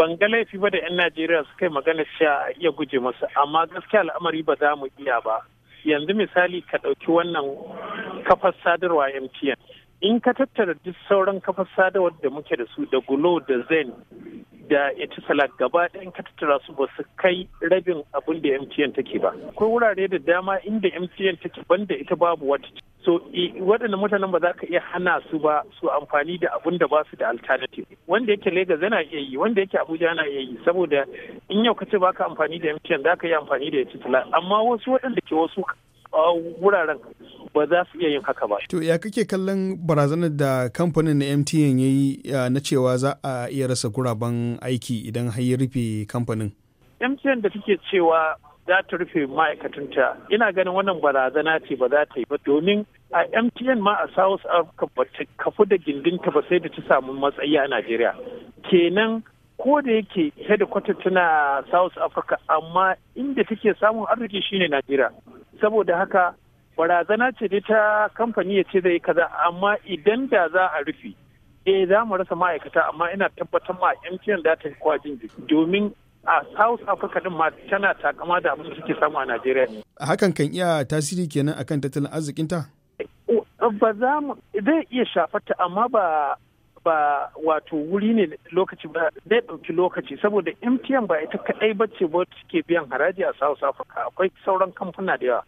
ban ga laifi ba da 'yan najeriya su kai magana sha iya guje masu amma gaskiya al'amari ba za mu iya ba yanzu misali ka ɗauki wannan kafar sadarwa mtn in ka tattara duk sauran kafar sadarwar da muke da su da gulo da zen da etisalat gaba ɗayan katattara su ba su kai rabin abin da mtn take ba akwai wurare da dama inda mtn take banda ita babu wata so waɗannan mutanen ba za ka iya hana su ba su amfani da abin da ba su da alternative wanda yake Legas yana iya yi wanda yake Abuja yana iya yi saboda in yau ka ce ba ka amfani da MTN za ka yi amfani da etisalat amma wasu waɗanda ke wasu wuraren ba za su iya yin haka ba. To ya kake kallon barazanar da kamfanin na MTN ya yi na cewa za a iya rasa guraben aiki idan har ya rufe kamfanin? MTN da take cewa za ta rufe ma'aikatanta ina ganin wannan barazana ce ba za ta yi ba domin a MTN ma a South Africa ba ta kafu da gindinta ba sai da ta samu matsayi a Najeriya. Kenan ko da yake headquarter tana South Africa amma inda take samun arziki shine Najeriya. Saboda haka barazana ce dai ta kamfani ya ce zai kaza amma idan da za a rufe eh za mu rasa ma'aikata amma ina tabbatar ma MTN da ta yi kwajin domin a South Africa din ma tana takama da abin da suke samu a Najeriya. Hakan kan iya tasiri kenan akan tattalin arzikinta? Ba za mu zai iya shafarta amma ba ba wato wuri ne lokaci ba zai ɗauki lokaci saboda MTN ba ita kaɗai ba ce ba suke biyan haraji a South Africa akwai sauran kamfuna da yawa.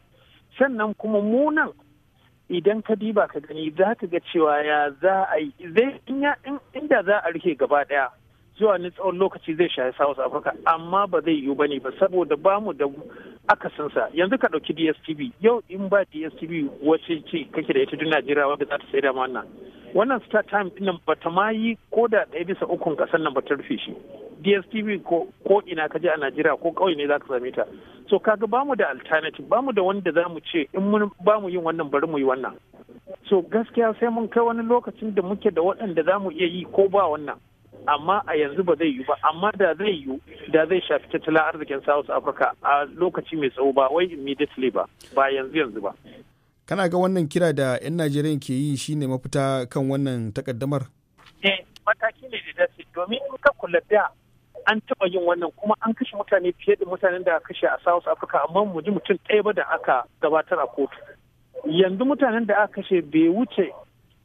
sannan kuma munan idan ka diba ka gani za ka ga cewa ya za a yi inda za a rike gaba daya zuwa ni tsawon lokaci zai shafi South Africa amma ba zai yiwu bane ba saboda ba mu da akasinsa yanzu ka dauki DSTV yau in ba DSTV wacce ce kake da ita duk Najeriya wanda za ta sai da wannan wannan star time ɗin ba ta ma yi ko da ɗaya bisa ukun ƙasar nan ba ta rufe shi dstv ko ina ka je a najeriya ko ƙauye ne za ka same ta so kaga ba mu da alternative bamu da wanda za mu ce in mun ba mu yin wannan bari mu yi wannan so gaskiya sai mun kai wani lokacin da muke da waɗanda za mu iya yi ko ba wannan amma a yanzu ba zai yi ba amma da zai yi da zai shafi tattalin arzikin south africa a lokaci mai tsawo ba wai immediately ba ba yanzu yanzu ba kana ga wannan kira da 'yan najeriya ke yi shine mafita kan wannan takaddamar eh mataki ne da dace domin in ka kula da an taɓa yin wannan kuma an kashe mutane fiye da mutanen da kashe a south africa amma mu ji mutum ɗaya ba da aka gabatar a kotu yanzu mutanen da aka kashe bai wuce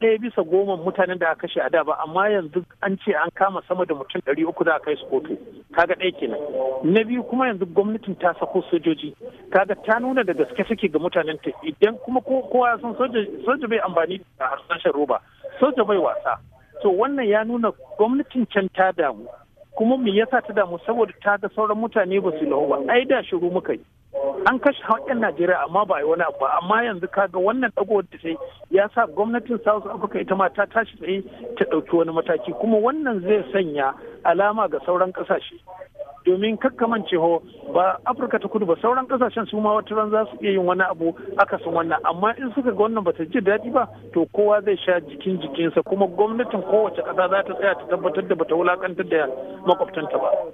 ɗaya bisa goma mutanen da aka kashe a da ba amma yanzu an ce an kama sama da mutum ɗari uku za a kai su kotu kaga ɗaya kenan na biyu kuma yanzu gwamnatin ta sako sojoji kaga ta nuna da gaske suke ga mutanen ta idan kuma kowa san soja bai amfani da harsashen roba soja bai wasa to wannan ya nuna gwamnatin can ta damu kuma me yasa ta damu saboda ta ga sauran mutane ba su lahu ba ai da shiru muka yi an kashe yan najeriya amma ba wani abu ba amma yanzu ka ga wannan dago da ta ya sa gwamnatin south africa ita ma ta tashi tsaye ta dauki wani mataki kuma wannan zai sanya alama ga sauran ƙasashe domin kakkamance ho ba afirka ta kudu ba sauran kasashen su ma wata ran za su iya yin wani abu akasin wannan amma in suka ga wannan bata ji daɗi ba to kowa zai sha jikin jikinsa kuma gwamnatin kowace ƙasa za ta tsaya ta tabbatar da bata wulakantar da makwabtanta ba